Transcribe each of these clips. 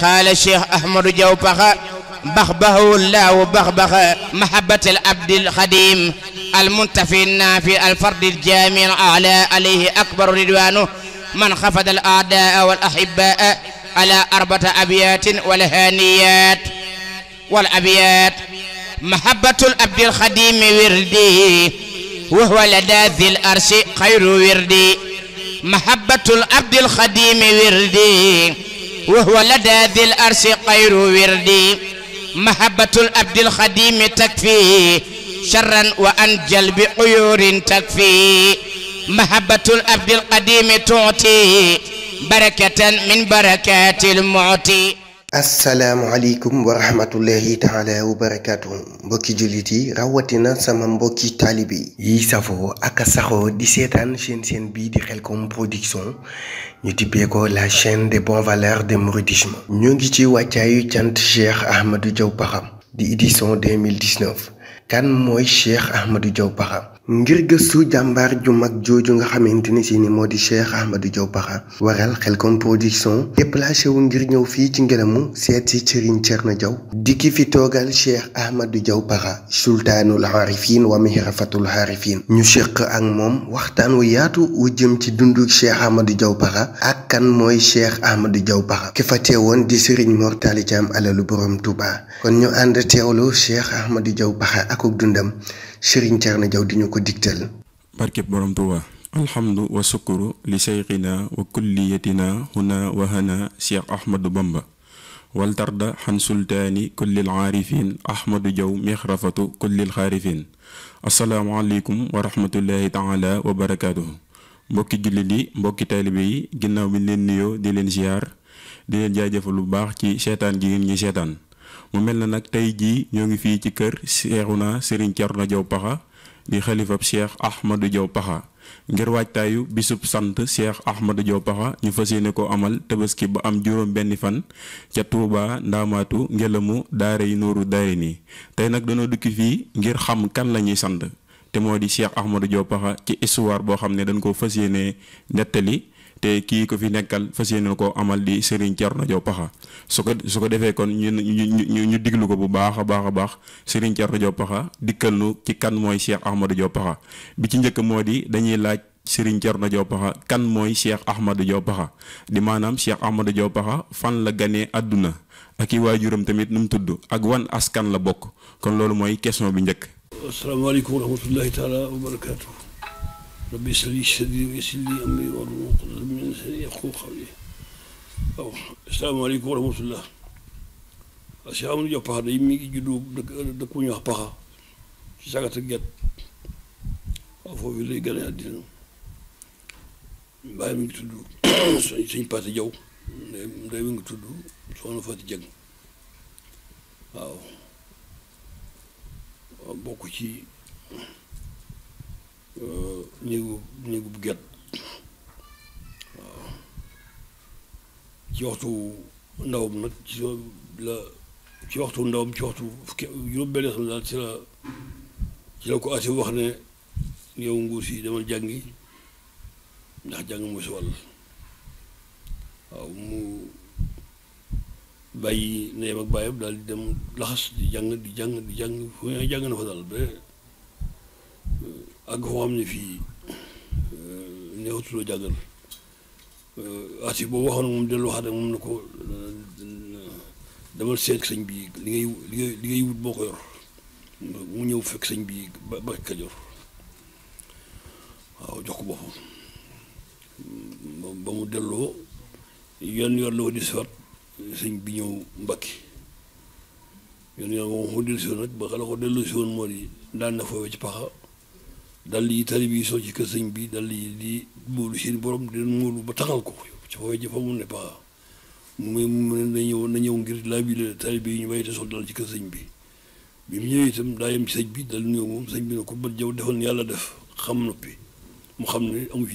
قال الشيخ أحمد جوبخ بخبه الله بخبخ محبة العبد الخديم المنتفي النافي الفرد الجامع الأعلى عليه أكبر رضوانه من خفض الأعداء والأحباء على أربعة أبيات ولهانيات والأبيات محبة العبد الخديم وردي وهو لدى ذي الأرش خير وردي محبة العبد الخديم وردي وهو لدى ذي الأرس قير وردي محبة الأبد الخديم تكفي شرا وأنجل بقيور تكفي محبة الأبد القديم تعطي بركة من بركات المعطي السلام عليكم ورحمة الله تعالى وبركاته بوكي جلتي روتنا سمم بوكي طالبي يسافو أكا سخو دي سيطان شين سين بي دي خلكم برودكسون ñu tippee ko la chaîne des bons valeurs de mouridisme ñu ngi ci wàccaayu cant Cheikh Ahmadou Diaw Paxam di édition 2019 kan moy Cheikh Ahmadou Diaw Paxam ngir gëstu jàmbaar ju mag jooju nga xamante ni si ni moo di Cheikh Ahmadou Diaw Pakha xel kon Production déplacé wu ngir ñëw fii ci ngelamu seet si Serigne Thierno Diaw di ki fi toogal Cheikh Ahmadou Diaw Pakha sultaanul harifin wa mihrafatul harifin ñu séq ak moom waxtaan wu yaatu wu jëm ci dundu Cheikh Ahmadou Diaw Pakha ak kan mooy Cheikh Ahmadou Diaw Pakha ki fa teewoon di Serigne Mor Tali Thiam alalu borom tubaa kon ñu ànd teewlu Cheikh Ahmadou Diaw Pakha akub dundam Serigne Thierno Diaw di ñu ko digtal. barkeb borom Tuuba alhamdu wa sukuru li seyxina wa kulliyatina huna wa hana Cheikh Ahmadou Bamba wal tarda xan sultaani kullil aarifin Ahmadou Diaw mixrafatu kullil xaarifin asalaamaaleykum wa rahmatullahi taala wa barakaatuhu mbokki jullit yi mbokki taalibe yi ginnaaw bi leen nuyoo di leen ziar di leen jaajëfal lu baax ci seetaan gi ngeen ñi seetaan mu mel nak tay ji jii ñoo ngi fi ci kër cheikhuna Serigne Diaw di khalifa Cheikh Ahmadou Diaw Pakha ngir tayu bisub sante Cheikh Ahmadou Diaw Pakha ñu fasiyene ko amal tebeski ba am juroom benn fan ca Touba ndamatu Ngelamu daare yi nooru daare nii tey nag dañoo dukki ngir xam kan lañuy sante sant te moo di Cheikh Ahmadou Diaw Pakha ci histoire boo xam ne dañ ko fasiyene netali te kii ko fi nekkal fas yéene koo amal di Serigne Thierno Diaw Paxa su ko su ko defee kon ñu ñu ñu diglu ko bu baax a baax a baax Serigne Thierno Diaw Paxa dikkal nu ci kan mooy Cheikh Ahmadou Diaw Paxa bi ci njëkk moo di dañuy laaj. Sëriñ Thierno Diaw Paxa kan mooy Cheikh Ahmadou Diaw di maanaam Cheikh Ahmadou Diaw fan la gane àdduna ak i waajuram tamit nu mu tudd ak wan askan la bokk kon loolu mooy question bi njëkk. asalaamaaleykum ربي يسلي الشدي ويسلي لي امري وارزقني من لساني يفقهوا قولي السلام عليكم ورحمه الله السلام عليكم ورحمه الله السلام عليكم ورحمه الله السلام عليكم ورحمه الله السلام عليكم ورحمه الله السلام عليكم ورحمه الله bayam ngi tudd suñ pati jaw ndey mi ngi tudd soxna fati jeng waaw bokku Euh, néegu néegub get waaw ci waxtu ndawam nag ci la waxtu ndawam ci waxtu fukki juróom-benn xam daal ci la ci la ko ati wax ne yow nguur si demal jàngi ndax jàng mooy sa wàll waaw mu bàyyi neem ak bàyyam daal di dem laxas di jàng di jàng di jàng fu ne jàng na fa daal ak hoom ne fii newtulo jagal ati boobu waxoon moom dellu waxaat moom na ko demal seet sëñ bi li ngay li ngay li ngay wut boo ko yor mu ñëw fekk sëñ bi ba ba Kajoor waaw jox ko boppam ba mu delloo yoon yoon la ko di siwaat sëñ bi ñëw mbakki yoon yoon moom ko dellu si woon nag ba la ko dellu si woon moo di daan na foowee ci paxa dal yi tali bi soo ci kër sëñ bi dal yi di móolu seen borom di leen móolu ba taxal ko ci foofu jëfa mu ne pas mu mu ne na ñëw ngir laa bi la tali bi ñu bàyyi te sol dal ci kër sëñ bi bi mu ñëwee itam daa yem ci sëñ bi dal ñëw sëñ bi ne ko bët jaw defoon yàlla def xam noppi mu xam ne amu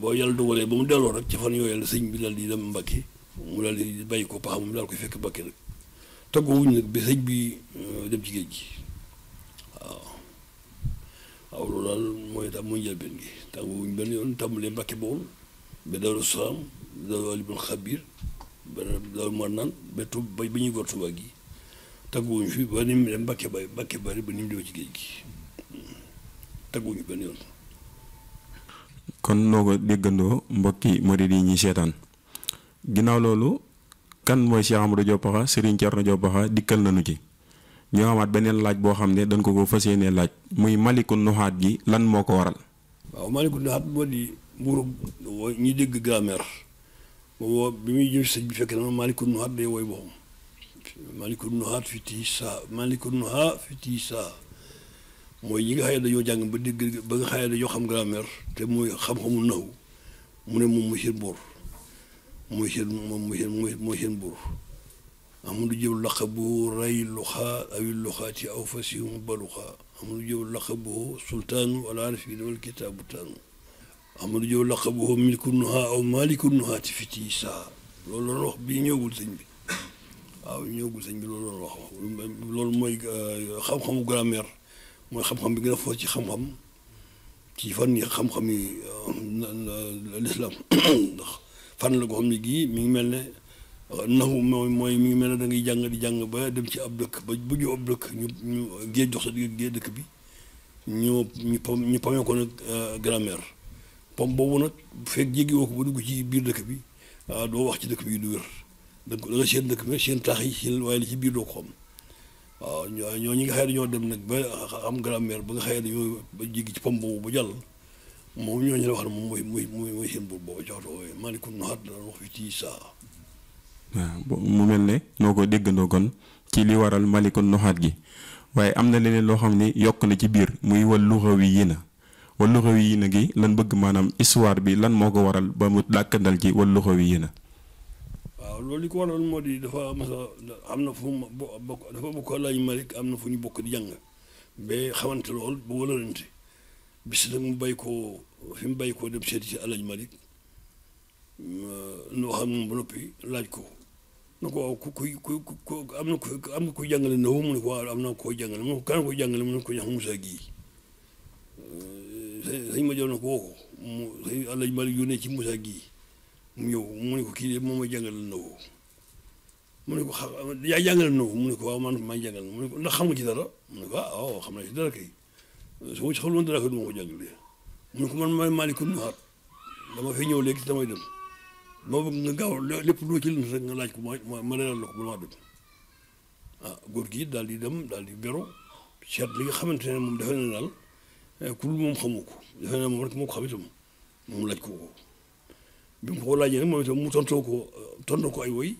boo yàlla dogalee ba mu delloo rek ci fan yooyu la sëñ bi dal di dem Mbàkke mu daal di bàyyi ko paxam mu daal koy fekk Mbàkke nag taggoowuñ nag ba sëñ bi euh, dem ci géej gi waaw loolu daal mooy tax muy njëlbeen gi tàmbaliwuñ benn yoon tàmbalee Mbàkke Bawol ba Daaru Salaam ba Daaru Alimul ba Daaru Marnaan ba Tuuba bi ñuy gor Tuuba gi tàgguwuñ fi ba ni mu dem Mbàkke Bari Mbàkke ba ni mu demee ci géej gi tàgguwuñ benn yoon. kon noo ko déggandoo mbokki murid yi ñuy seetaan ginnaaw loolu kan mooy Cheikh Amadou Diop Pakha Serigne Thierno Diop Pakha dikkal nañu ci. ñoo xamaat beneen laaj boo xam ne dañ ko ko fas yéenee laaj muy maliku nuxaat gi lan moo ko waral. waaw maliku nuxaat moo di mbuuru bi muy jëm si sëñ bi fekk maliku nuxaat day woy boppam maliku nuxaat mooy ñi nga xëy jàng ba dégg ba nga xëy te mooy xam-xamu naw mu ne moom mooy seen buur amul jëw laqabu ray luxaa awi luxaati aw fasihum baluxaa amul jëw laqabu sultaanu al aarifiin wal kitaabu taanu amul jëw laqabu milku nuhaa aw maaliku nuhaati fiti saa lool loolu wax ñëwul sëñ bi waaw ñëwul sëñ bi loolu loolu mooy euh, xam-xamu grammaire mooy xam-xam bi gën a foo ci xam-xam ci fan yi xam-xam yi euh, lislaam ndax fan la ko xam ne gii mel ne naxu mooy mooy mi ngi mel ne da ngay jàng ba dem ci ab dëkk ba bu ñu ñu ñu géej jox dëkk bi ñu ñu pam ñu pamee ko nag euh, boobu nag fekk jéggi woo ko ba biir dëkk bi euh, doo wax ci dëkk bi du wér da seen dëkk bi seen taax ci biir doo ko ñoo ñi nga dem nag ba am grammaire ba nga xëy dañoo ba jéggi ci pam boobu ba jàll moom ñooñu la wax ne moom mooy mooy mooy seen buur boobu jox ko waaye maa ngi wax fi ci saa. waaw mu mel ne noo ko déggandoo kon ci li waral malikun nuxaat gi waaye am na leneen loo xam ne yokk na ci biir muy wal luxawi yi na wal luxawi yi na gi lan bëgg maanaam histoire bi lan moo ko waral ba mu dàkkandal ci wal luxawi yi na waaw loolu li ko waral moo di dafa mas am na fu mu bokk dafa bokk laaj am na fu ñu bokk di jàng ba xamante lool bu wëlalante bis mu bay ko fi mu bay ko dem seeti ci alaj malik noo xam ne ba noppi laaj ko na ko waaw ku kuy ku am eh, na ku na ku jàngale nawu mu ko waaw am na koo jàngale mu ne ko kan ko jàngale mu ko ñax Moussa gii sëñ ma jox na ko woo ko mu sëñ Malik yónnee ci Moussa gii mu ñëw mu ne ko kii de moom ma jàngale nawu mu ne ko xam yaa jàngale nawu mu ne ko waaw man maa jàngale mu ne ko ndax xam nga ci dara mu ne ko ah waaw xam naa ci dara kay su ma ci xamuloon dara kay du ma ko mu ko man maay dama fay ñëw léegi damay ma bëgg nga gaaw lépp loo ci lim sax nga laaj ko ma ma ma leeral la ko ba ma dugg ah góor gi daal di dem daal di bero seet li nga xamante ne moom defe na daal ku dul moom xamu ko defe na moom rek moo ko xam itam moom laaj ko ko bi mu ko laajee nag moom itam mu tontoo ko tontoo ko ay woy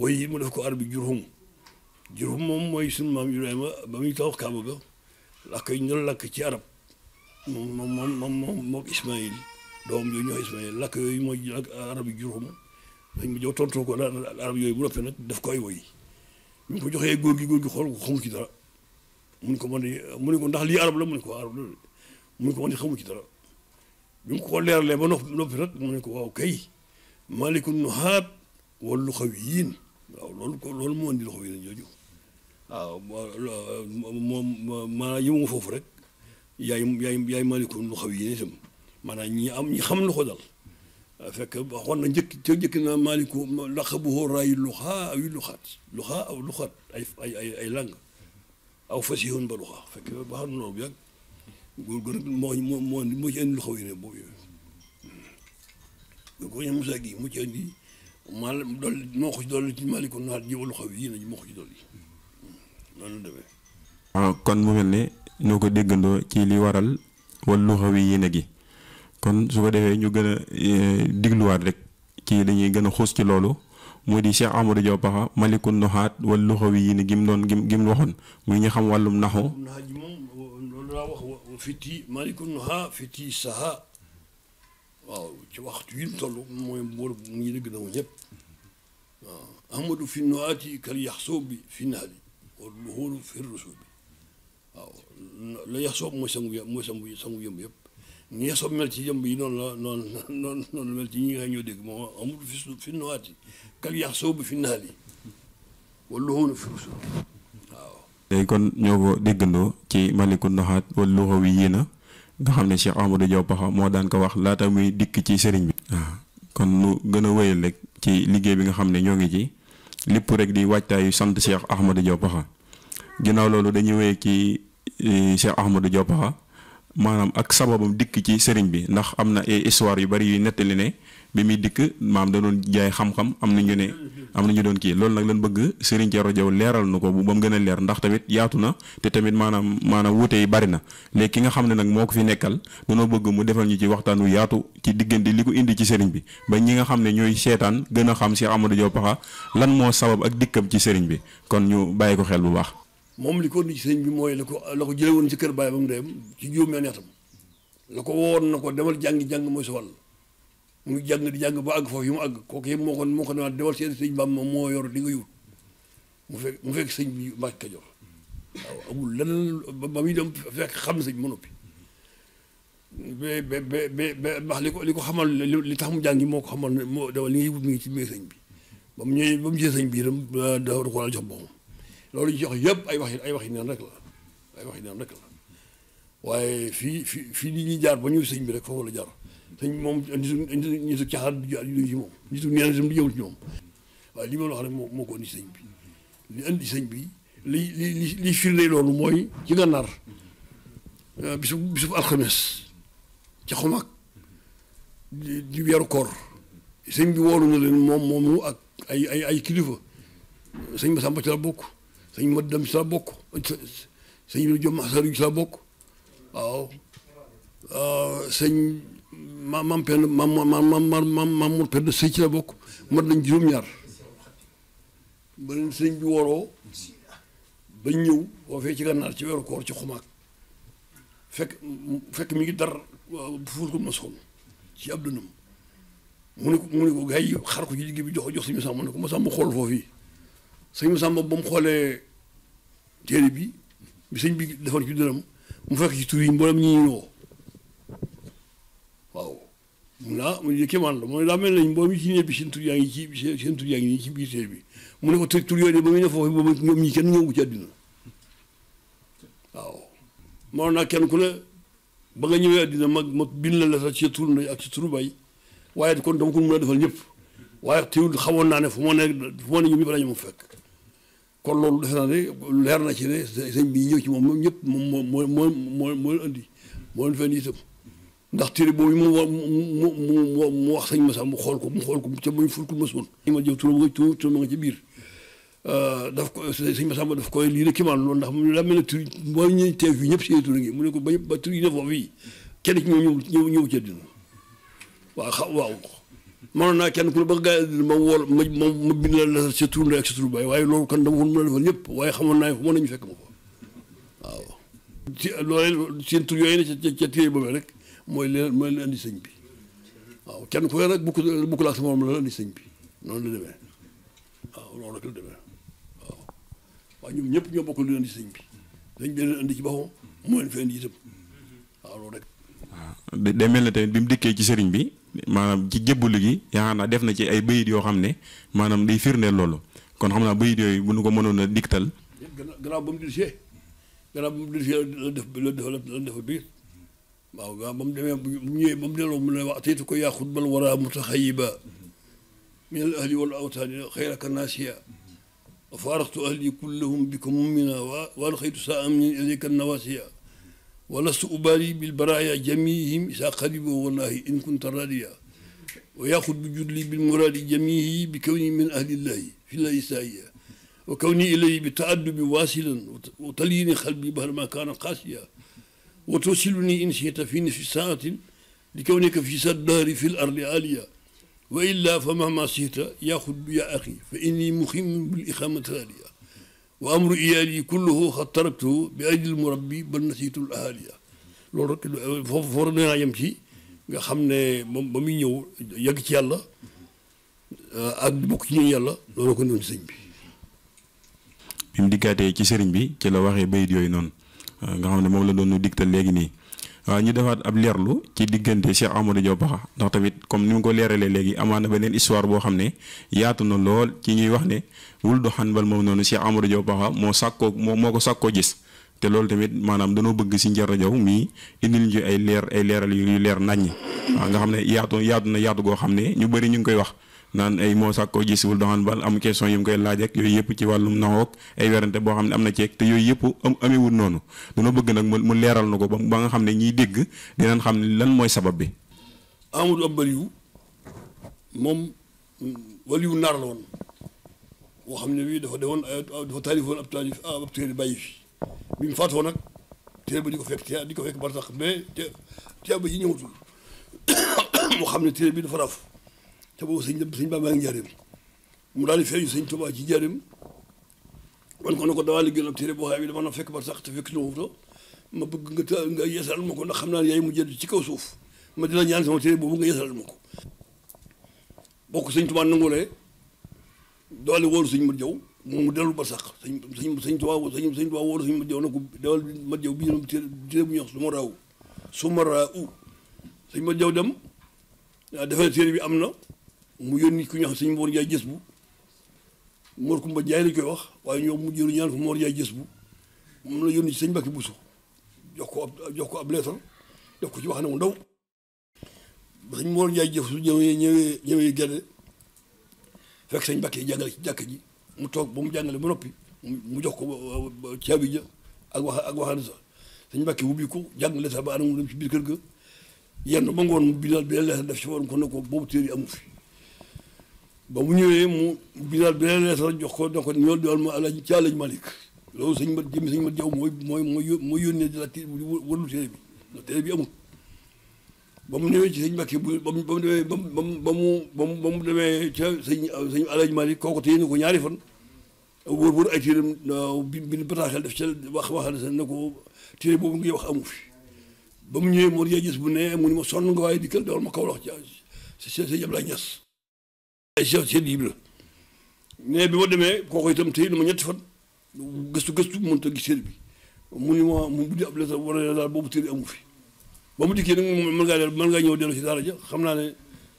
woy yi mu def ko arabi jurhum jurhum moom mooy sunu maam Ibrahima ba muy tawax Kaaba ga làkk yi ñu doon làkk ci arab moom moom moom moom moom Ismaïl doom yooyu ñoo Ismaël lakk yooyu mooy arab yi jur xuma dañ ma jox tontoo ko la arab yooyu bu noppee nag def ko ay woy ñu ngi ko joxee góor gi góor gi xool ko xamu ci dara mun ko man mu ne ko ndax lii arab la mu ne ko arab la mu ne ko man xamu ci dara bi mu ko leeralee ba noppi noppi nag mu ne ko waaw kay malikun nuhaat wal luxawiyin waaw loolu ko loolu moo indi luxawiyin jooju waaw moom maa yëmu foofu rek yaay yaay yaay malikun luxawiyin itam maanaam ñi am ñi xam lu ko dal fekk waxoon na njëkk ca njëkk na maliku laqabu hoo raayu luxaa aw yu luxaat luxaa aw luxaat ay ay ay ay lang aw fasihun ba luxaa fekk baax na loolu yàgg góor góor moo moo moo ci indi lu xaw yi ne boobu yooyu ko ñam Musaa gi mu ci indi mal dol moo ko ci dool ci maaliku naat jiw lu xaw yi ne moo ko ci dool yi noonu demee kon mu mel ne ñoo ci li waral wal lu xaw yi yéene gi kon su ko defee ñu gën a eh, digluwaat rek ci dañuy gën a xuus ci loolu moo di Cheikh Amadou Diaw Pakha maliku wal wala luxawi yi ni gim doon gim gim waxoon muy ñu xam wàllum naxu. loolu laa wax fiti maliku nuxaa fiti saha waaw ci waxtu yi mu toll mooy mboolu mu ngi dëgg na ñëpp waaw Amadou fi nuxaati kal yaxsoo bi fi naali wala luxuuru fi rusoo bi waaw la yaxsoo mooy sangu yë mooy sangu yëmb yëpp. ni som mel ci jëmb yi noonu la noonu noonu noonu mel ci ñi nga ñoo dégg moo amul fi fi nuwaati kal yax soobu fi naal yi fi rusul waaw. léegi kon ñoo ko déggandoo ci maliku naxaat wala loxo wi yéena nga xam ne Cheikh Amadou Diaw Pakha moo daan ko wax laata muy dikk ci sëriñ bi. waaw ah. kon nu gën a wéyal rek ci liggéey bi nga xam ne ñoo ngi ci lépp rek di waajtaayu sant Cheikh Ahmadou Diaw Pakha ginnaaw loolu dañuy wéy ci eh, Cheikh Ahmadou Diaw maanaam ak sababam dikk ci sëriñ bi ndax am na ay histoire yu bari yuy nettali ne bi muy dikk maam da doon jaay xam-xam am na ñu ne am na ñu doon kii loolu nag lan bëgg Serigne Thioro Diaw leeral nu ko bu mu gën a leer ndax tamit yaatu na te tamit maanaam maanaam wutee yi bari na léegi ki nga xam ne nag moo ko fi nekkal danoo bëgg mu defal ñu ci waxtaan wu yaatu ci diggante li ko indi ci Serigne bi ba ñi nga xam ne ñooy seetaan gën a xam si Amadou Diaw Pakha lan moo sabab ak dikkam ci Serigne bi kon ñu bàyyi ko xel bu baax. moom li ko indi ci sëñ bi mooy la ko la ko jële woon ci kër baay ba mu dem ci juróom-ñaari atam la ko woon na ko demal jàngi-jàng mooy sa wàll mu jàng di jàng ba àgg foofu yi mu àgg kooku yëpp moo ko moo ko naa demal seen sëñ moom moo yor li nga yut mu fekk sëñ bi Mbàkke Kajoor waaw amul lenn ba xam sëñ ma noppi ba ba ba ba li ko li ko xamal li tax mu jàngi moo ko xamal moo demal li ngay wut mi ngi ci biir sëñ bi ba mu ñëwee ba mu jëlee sëñ bi da ko jox boppam لولي يغ يب اي واحد اي واحد نانك لا اي واحد نانك لا واي في في في لي ني جار بنيو سيغ بي رك فو لا جار سيغ موم نيزو نيزو تيار دي جار لي موم نيزو نيان جم ليو نيوم واي لي مولا خري مو كو ني سيغ بي لي اندي سيغ بي لي لي لي فيرني لولو موي كي غنار آه، بيسو بيسو الخميس تي خوماك دي دي بيار كور سيغ بي وولو نولين موم مومو اك اي اي اي كليفو سيغ ما سامبا تي لا بوكو sëñ Modou Deme si la bokk sëñ Ibrahima Diop Masaru si la bokk waaw euh, sëñ maam maam Penda maam maam maam maam Mor Penda sëñ ci la bokk mat nañ juróom-ñaar ba leen sëñ bi waroo ba ñëw boo fee ci gànnaar ci weeru koor ci xumaag fekk fekk mi ngi dar fuur ko mosoon ci ab dundam mu ne ko mu ne ko gars yi xar ko ci digg bi jox ko jox sëñ Masamba mu ne ko Masamba xool foofu yi sëñ Masamba ba mu xoolee. téere bi bi sëñ bi defoon ci dërëm mu fekk ci tur yi mboolem ñi ñuy woo waaw mun naa mu ne kéemaan la mooy daa mel nañ mboolem ñi ci ne bi seen tur yaa ngi ci seen tur yaa ngi nii ci biir téere bi mu ne ko tur yooyu de ba muy ne foofu ñoom ñi kenn ñëwu ci àddina waaw moo naa kenn ku ne ba nga ñëwee àddina mag ma bind la la sax ci tur ndey ak ci turu bay waaye kon dama ko mën a defal ñëpp waaye teewul xamoon naa ne fu ma ne fu ma ne ñoom ñëpp dañu ma fekk kon loolu defe naa ne leer na ci ne sëñ bi ñëw ci moom moom ñëpp moom moo moo moo moo indi moo leen fenn itam ndax téere boobu mu mu mu mu wax sëñ Massa mu xool ko mu xool ko ca muy ful ko mësoon. ma jëw turam nga turam nga ci biir euh, daf ko sëñ Massa ma daf koy lii rek kimaan loolu ndax mu la mel ne tur mooy ñuy teew fii ñëpp seen tur ngi mu ne ko ba ba tur yi ne foofu yi kenn ci ñoom ñëw ñëw ñëw ca dina waaw waaw. mënoon naa kenn ku ne ba gaa ma woo ma ma ma bind la la sa tur ndey ak sa tur baay waaye loolu kan dama ko mën a defal ñëpp waaye xamoon naa ne fu waaw. ci loolee yooyu ne ca rek mooy leen mooy leen andi bi waaw kenn ku ne nag bukk bukk la ak la andi sëñ bi noonu la demee waaw loolu rek la waaw waaye ñoom ñëpp ñoo bokk lu andi bi dañ leen andi ci boppam moo leen fi andi na tamit bi mu dikkee ci sëriñ bi. manam ci jébbalu gi yaakaar naa def na ci ay beuyit yo xamne manam day firnel loolu kon xamna beuyit bayit bu nu ko mënoon diktal graw bam ba graw bam gannaaw ba def la def la def bi waaw gannaaw bam demé bu ñewé bam delo mu lay wax ataytu ko yaa xutbal wara mutaxayiba min al ahli wal awtaani xayraka naasiya wa faaraqtu ahli kullahum bika mumina wa alxaytu saa am min ilayka nawaasiya ولست أبالي بالبرايا جميعهم إذا قريبه والله إن كنت راضيا ويأخذ بجدلي بالمراد جميعه بكوني من أهل الله في الله سائيا وكوني إليه بتأدب واصلا وتليني قلبي بهر ما كان قاسيا وتوصلني إن شئت في نفس ساعة لكونك في سد دهري في الأرض عاليا وإلا فمهما شئت يأخذ يا أخي فإني مخيم بالإخامة العالية وأمر إيالي كله خطرته بأجل المربي بل نسيت الأهالية فورنا يمشي خمنا بمين يو يكتي الله أد بكتني الله لو كنت نسيت بي بمدكاتي كسرين بي كلا واخي بيد يوينون نحن نمو لدون ندكتل لأجني waaw ñu defaat ab leerlu ci diggante Cheikh Amadou Diaw Pakha ndax tamit comme ni mu ko leeralee léegi amaana beneen histoire boo xam ne yaatu na lool ci ñuy wax ne wul du xanbal moom noonu Cheikh Amadou Diaw Pakha moo sàkkoo moo moo ko sàkkoo gis te loolu tamit maanaam danoo bëgg si Ndiara Diaw mii indil ñu ay leer ay leeral yu leer naññi waaw nga xam ne yaatu yaatu na yaatu goo xam ne ñu bëri ñu ngi koy wax naan ay moo sàkkoo gisiwul doxaan bal am question yu mu koy laaj ak yooyu yëpp ci wàllum nawook ay werante boo xam ne am na ceeg te yooyu yëpp am amewul noonu duna bëgg nag mu leeral na ko ba nga xam ne dégg dinañ xam ne lan mooy sabab bi Amadou moom waliyu naar la xam ne bii dafa demoon dafa taalifoon ab taalif ab téere bàyyi fi bi mu faatoo nag téere ba di ko fekk di ko fekk te te ba yi ñëwatul moo xam ne téere bi dafa raf te boobu sëñ sëñ Bamba ngi njaareem mu daal di feeñu sëñ Tuubaa ci njaareem wan ko ne ko dawaa liggéey ab boo xam ne dama na fekk bar sax te fekk na wuto ma bëgg nga ta nga yeesal ma ko ndax xam naan ne yaay mu jënd ci kaw suuf ma di la ñaan sama téere boobu nga yeesal ma ko boo ko sëñ Tuubaa nangulee doole wóolu sëñ Mat Jaw mu dellu ba sax sëñ sëñ sëñ Tuubaa sëñ sëñ Tuubaa wóolu sëñ Mat Jaw na ko dawal Mat Jaw bii téere bu ñuy wax su ma raaw su ma raaw sëñ Jaw dem defee téere bi am na mu yónni ku ñuy wax sëñ Mor Ndiaye gis bu Mor Kumba Ndiaye lañ koy wax waaye ñoo mu jëru ñaan ko Mor Ndiaye gis bu moom la yónni ci sëñ Mbàkke Buso jox ko ab jox ko ab leetar jox ko ci wax na mu ndaw ba sëñ Mor jëf su ñëwee ñëwee ñëwee gerte fekk sëñ Mbàkke jàngale ci ji mu toog ba mu jàngale ba noppi mu jox ko caabi ja ak wax ak waxaana sax sëñ Mbàkke wubbi ko jàng leetar ba anam mu dem ci biir kër ga yenn ba ngoon bi daal bi leetar def ci woon kon ne ko boobu téere yi amu fi ba mu ñëwee mu bindal beneen leetar jox ko donc ñool dool ma alaaj ci alaaj Malick loolu sañ mat jëmi sëñ mat jaw mooy mooy mooy mooy yónnee di la ti wërlu téere bi bi amul ba ci sëñ Mbàkke bu ba mu ba ba mu ba mu ba mu ba mu demee ca sëñ sëñ alaaj kooku téye na ko ñaari fan wóor wóor ay bi bi bataaxel def ca wax waxal sa ne ko téere boobu ngay wax amu fi ba mu ñëwee moor yaa gis bu ne mu ni ma sonn nga waaye dikkal dool ma kaw wax ci sëñ Ablaye ñas ay chef ci Ibra ne bi ma demee kooku itam tey dama ñetti fan gëstu gëstu mënut a gis téere bi mu ni ma mu buddi ab lettre wala daal boobu téere amu fi ba mu dikkee nag mën ngaa del mën ñëw dellu si daara ja xam naa ne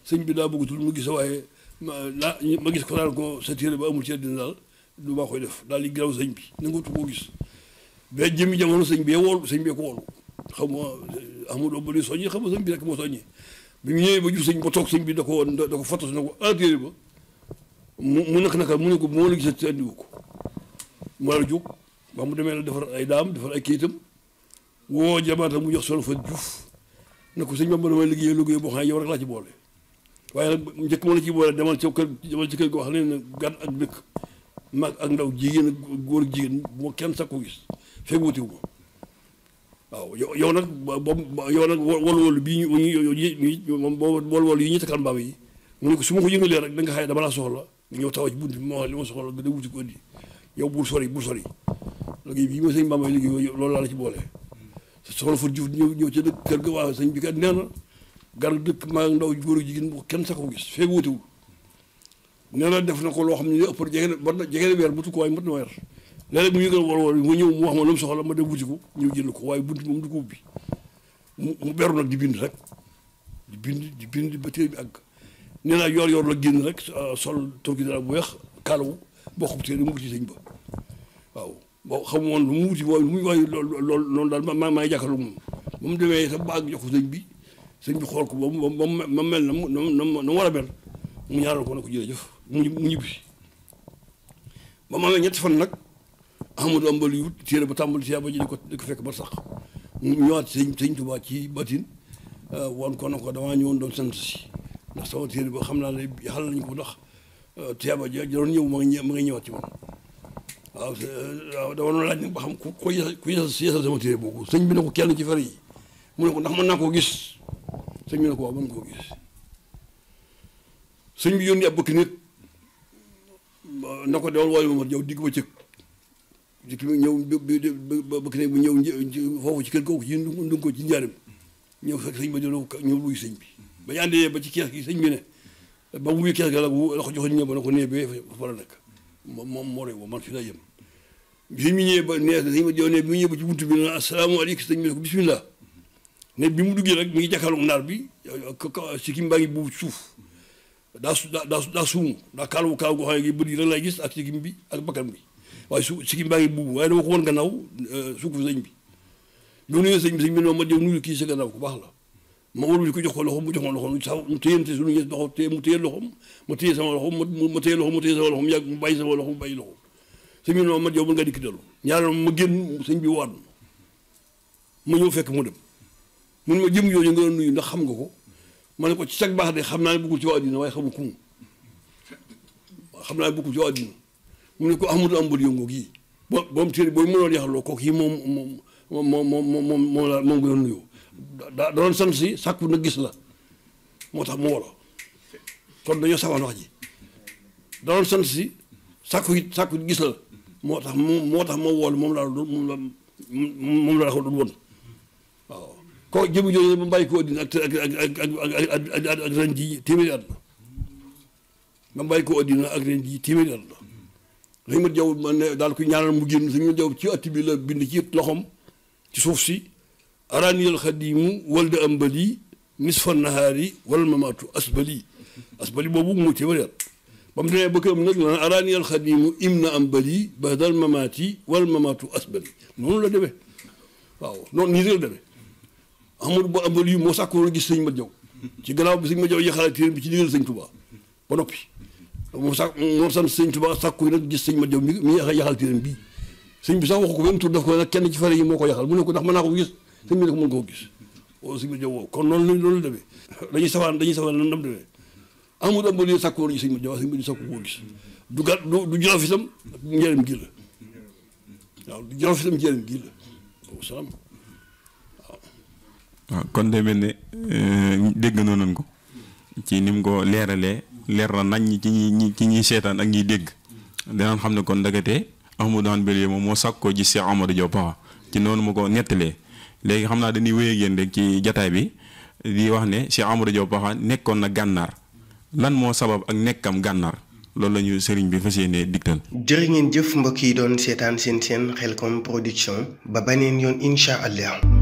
sëñ bi daa bëggatul mu gis waaye ma laa ma gis ko daal ko sa téere ba amul téere dina daal du maa koy def daal di garaw sëñ bi nangutu koo gis ba jëmi jamono sëñ bi woolu sëñ bi ko woolu xam nga amul ba ni soññi xam nga sëñ bi rek bi mu ñëwee ba jub sëñ ba toog bi da ko woon da ko fotos na ko enterré ah ba mu mu naka naka mu ne ko moo la gisee te andiwu ko mu jóg ba mu demee la defar ay daam defar ay kayitam woo jabaatam mu jox solo fa juuf ne ko sëñ Bamba damay liggéey liggéey boo xam yow rek laa ci boole waaye nag njëkk ma la ci boole demal ca kër demal ci kër wax xam ne gan ak dëkk mag ak ndaw jigéen ak góor jigéen moo kenn sakku gis fekk wuutiwu ko waaw yow yow nag boobu yow nag wolwol bii ñu moom wolwol yi ñu takkal mbaam yi mu ne ko su ma ko yëngalee rek da nga xëy dama laa soxla nga ñëw taxaw ci bunt bi ma wax li ma soxla nga dem wuti ko indi yow bul sori bul sori léegi ma sëñ mbaam yi léegi loolu la ci boole soxla fa juuf ñëw ñëw ci dëkk kër ga bi kat nee na gar dëkk maa ndaw góor jigéen bu kenn sa ko gis feeg wutewul nee na def na ko loo xam ne ëpp jege na jege na weer bu tukkuwaay mat na weer léeg mu yëngal wol ma ñëw mu wax ma lu mu soxla ma dem wuti ko ñëw jënd ko waaye bunt moom du ko mu mu beru nag di bind rek di bind di bind ba téere bi àgg nee naa yor yor la génn rek sol turki dara bu weex kaalawu bokkub téere mu wuti sëñ ba waaw boo xam woon lu mu wuti waaye muy waaye lool lool noonu daal maa maa ngi jàkkaarloo moom moom demee sa baag jox ko sëñ bi sëñ bi xool ko ba mu mel na mu na mu war a mel mu ñaaral ko ne ko jërëjëf mu mu ñibbi ba mu amee ñetti fan nag Ahmadu Bamba yi téere ba tàmbali si yàlla ji di ko di ko fekk ba sax mu ñëwaat sëñ sëñ Tuubaa ci batin euh, woon ko na ko damaa ñëwoon doon sant si ndax sama téere ba xam naa ne xal nañ ko ndax euh, tiyaaba ja doon ñëw ma ngi ma ngi ñëwaat ci man waaw waaw euh, ba xam ku ko yeesal ku yeesal yeesal sama téere boobu sëñ bi ne ko kenn ci fer yi mu ko ndax mën naa koo gis sëñ bi ne ko waaw mën koo gis sëñ bi yónni ab bëkk nit na ko dewal wooyu ma ma jaw digg ba cëg ki ñëw bëkk ne bu ñëw foofu ci kër kooku ci ndunga ko ci njaaram ñëw fekk sëñ ba doon ñëw luy sëñ bi ba ñu àndee ba ci kees gi sëñ bi ne ba mu wuyu kees ga la ko joxoon ñëw ba ko nee bi war a moom moo rey man fi laa jëm ba nee sëñ ba doon mu ñëw ci buntu bi naan asalaamaaleykum sëñ bi ne bi mu duggee rek mi ngi jàkkaarloog naar bi sikkim baa ngi bu suuf daa su daa daa suumu daa kaalu kaalu goo xam ne bëri rek laay gis ak sikkim bi ak bakkan bi waaye su sikkim baa ngi buubu waaye na ko woon gannaaw euh, suufu sëñ bi ñoo nuyoo sëñ bi sëñ bi non ma yow kii sa naw ku baax la ma wóorul ko jox ko loxoom mu jox ma loxo téye mu téye loxoom ma téye sama loxoom ma téye loxoom ma téye sama loxoom yàgg mu bàyyi sama loxoom mu bàyyi loxoom sëñ bi non ma yow mën nga dikk dellu ñaar ma génn sëñ bi waat ma ñëw fekk mu dem mun ma jëm yooyu nga doon nuyu ndax xam nga ko ma ne ko ci sag baax de xam naa ne bëggul ci waa adduna waaye xamul ku mu xam naa ne bëggul ci waa adduna mu ne ko Ahmadou Ambal Yongo gii ba ba mu téere booy mënoon yaxloo kooku yi moom moom moom moom moom moom moom nga na gis la moo tax mu wolo kon dañoo sawaan ji da doon si sàkku it gis moo tax mu moo tax ma wool moom laa la moom laa ko doon woon waaw ko jëmu jooju ba bàyyi ko addina ak ak jii téeméeri at la ba bàyyi ko addina ak ren jii téeméeri at la sëñ mat jaw man daal ko ñaanal mu génn sëñ mat jaw ci atti bi la bind ci loxom ci suuf si araniyal xadimu walda ambali nisfa nahaari wal mamatu asbali asbali boobu mu téeméer ba mu demee ba këram nag naan araniyal xadimu imna ambali badal mamati wal mamatu asbali la demee waaw noonu nii la demee amul bu ambali moo sàkkoon gis sëñ mat jaw ci gannaaw bi sëñ mat jaw yaxalaat téere bi ci digal sëñ Tuubaa ba noppi moom sax moom sax sëñ Tuubaa sàkku nag gis sëñ Mat Jaw mi mi yaxal téeram bii sëñ bi sax waxu ko benn tur daf ko nag kenn ci fare yi moo ko yaxal mu ne ko ndax mën naa ko gis sëñ ko mën o Mat Jaw woow kon noonu lañ loolu demee dañuy safaan dañuy safaan nan dam demee amul am bal sàkku woon ñu sëñ Mat Jaw sëñ Mat Jaw sàkku koo gis du gàtt du jolof itam njëriñ gi la waaw du jolof itam njëriñ gi la waaw kon day mel ne euh, dégg noonu ko ci ni ko leeralee leer na nañ ñi ci ñi ci ñuy seetaan ak ñuy dégg danaan xam ne kon ndagate Ahmadou Hanbali moom moo sàkk koo gis Cheikh Amadou Diop Paxa ah, ci noonu ma ko nettalee léegi xam naa dañuy wéy ak yéen ci jataay bi li wax ne Cheikh Amadou Diop Paxa ah, nekkoon na gànnaar lan moo sabab ak nekkam gànnaar loolu la ñu sëriñ bi fas yéenee digtal. jërë ngeen jëf mbokk yi doon seetaan seen seen Khelcom production ba beneen yoon incha allah.